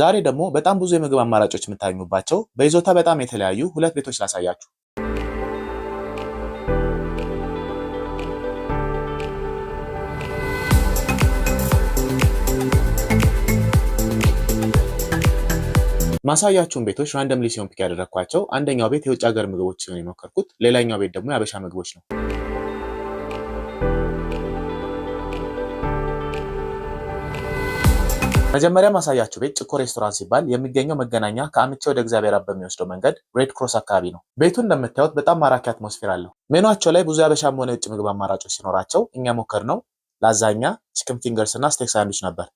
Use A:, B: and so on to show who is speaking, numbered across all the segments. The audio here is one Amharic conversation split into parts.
A: ዛሬ ደግሞ በጣም ብዙ የምግብ አማራጮች የምታገኙባቸው በይዞታ በጣም የተለያዩ ሁለት ቤቶች ላሳያችሁ። ማሳያችሁን ቤቶች ራንደምሊ ሲሆን ፒክ ያደረግኳቸው አንደኛው ቤት የውጭ ሀገር ምግቦች ሲሆን የሞከርኩት፣ ሌላኛው ቤት ደግሞ የአበሻ ምግቦች ነው። መጀመሪያ ማሳያችሁ ቤት ጭኮ ሬስቶራንት ሲባል የሚገኘው መገናኛ ከአምቼ ወደ እግዚአብሔር አብ በሚወስደው መንገድ ሬድ ክሮስ አካባቢ ነው። ቤቱ እንደምታዩት በጣም ማራኪ አትሞስፌር አለው። ሜኗቸው ላይ ብዙ ያበሻም ሆነ የውጭ ምግብ አማራጮች ሲኖራቸው እኛ ሞከር ነው ላዛኛ፣ ቺክን ፊንገርስ እና ስቴክ ሳንዱች ነበር።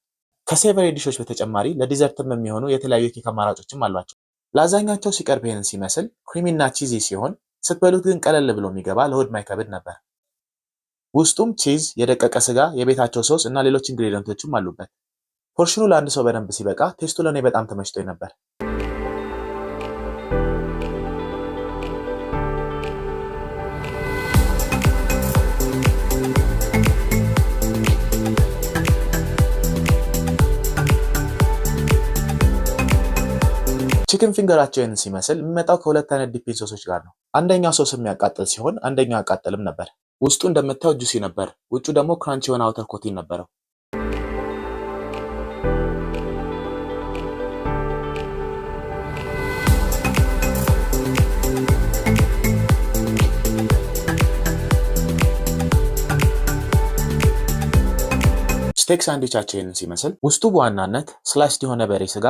A: ከሴቨሪ ዲሾች በተጨማሪ ለዲዘርትም የሚሆኑ የተለያዩ የኬክ አማራጮችም አሏቸው። ላዛኛቸው ሲቀርብ ይህንን ሲመስል ክሪሚና ቺዚ ሲሆን ስትበሉት ግን ቀለል ብሎ የሚገባ ለሆድ ማይከብድ ነበር። ውስጡም ቺዝ፣ የደቀቀ ስጋ፣ የቤታቸው ሶስ እና ሌሎች ኢንግሪዲየንቶችም አሉበት። ፖርሽኑ ለአንድ ሰው በደንብ ሲበቃ ቴስቱ ለእኔ በጣም ተመችቶኝ ነበር። ቺክን ፊንገራቸውን ሲመስል የሚመጣው ከሁለት አይነት ዲፒን ሶሶች ጋር ነው። አንደኛው ሶስ የሚያቃጥል ሲሆን አንደኛው አያቃጥልም ነበር። ውስጡ እንደምታየው ጁሲ ነበር፣ ውጩ ደግሞ ክራንች የሆነ አውተር ኮቲን ነበረው። ስቴክ ሳንድዊቻችንን ሲመስል ውስጡ በዋናነት ስላይስድ የሆነ በሬ ስጋ፣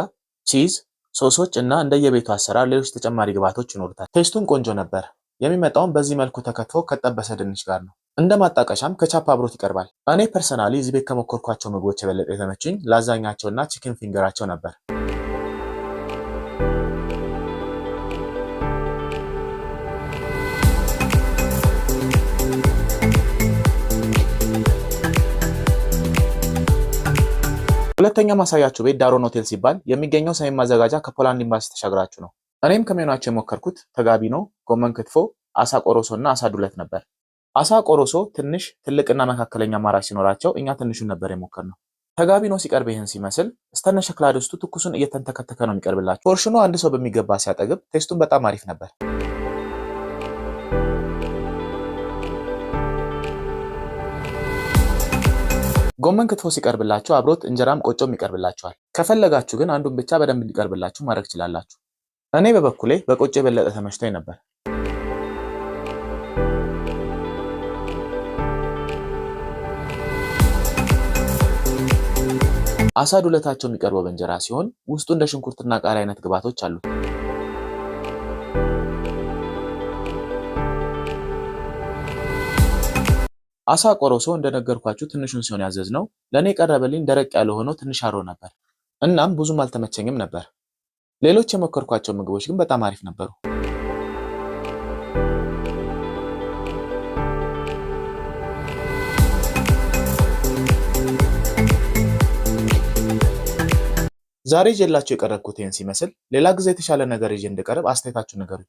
A: ቺዝ፣ ሶሶች እና እንደየቤቱ አሰራር ሌሎች ተጨማሪ ግብዓቶች ይኖሩታል። ቴስቱም ቆንጆ ነበር። የሚመጣውም በዚህ መልኩ ተከትፎ ከጠበሰ ድንች ጋር ነው። እንደ ማጣቀሻም ከቻፕ አብሮት ይቀርባል። እኔ ፐርሰናሊ እዚህ ቤት ከሞከርኳቸው ምግቦች የበለጠ የተመችኝ ላዛኛቸውና ቺክን ፊንገራቸው ነበር። ሁለተኛ ማሳያችሁ ቤት ዳሮን ሆቴል ሲባል የሚገኘው ሰሜን ማዘጋጃ ከፖላንድ ኤምባሲ ተሻግራችሁ ነው። እኔም ከሜኗቸው የሞከርኩት ተጋቢኖ፣ ጎመን ክትፎ፣ አሳ ቆሮሶ እና አሳ ዱለት ነበር። አሳ ቆሮሶ ትንሽ፣ ትልቅና መካከለኛ አማራጭ ሲኖራቸው እኛ ትንሹን ነበር የሞከርነው። ተጋቢኖ ሲቀርብ ይህን ሲመስል እስተነ ሸክላ ድስቱ ትኩሱን እየተንተከተከ ነው የሚቀርብላቸው። ፖርሽኑ አንድ ሰው በሚገባ ሲያጠግብ ቴስቱን በጣም አሪፍ ነበር። ጎመን ክትፎ ሲቀርብላችሁ አብሮት እንጀራም ቆጮም ይቀርብላችኋል። ከፈለጋችሁ ግን አንዱን ብቻ በደንብ እንዲቀርብላችሁ ማድረግ ትችላላችሁ። እኔ በበኩሌ በቆጮ የበለጠ ተመችቶኝ ነበር። አሳ ዱለታቸው የሚቀርበው በእንጀራ ሲሆን ውስጡ እንደ ሽንኩርትና ቃሪያ አይነት ግብዓቶች አሉት። አሳ ቆሮሶ እንደነገርኳችሁ ትንሹን ሲሆን ነው። ለእኔ የቀረበልኝ ደረቅ ያለ ሆኖ ትንሽ አሮ ነበር። እናም ብዙም አልተመቸኝም ነበር። ሌሎች የሞከርኳቸው ምግቦች ግን በጣም አሪፍ ነበሩ። ዛሬ ይዤላችሁ የቀረብኩት ይህን ሲመስል፣ ሌላ ጊዜ የተሻለ ነገር ይዤ እንድቀርብ አስተያየታችሁ ንገሩኝ።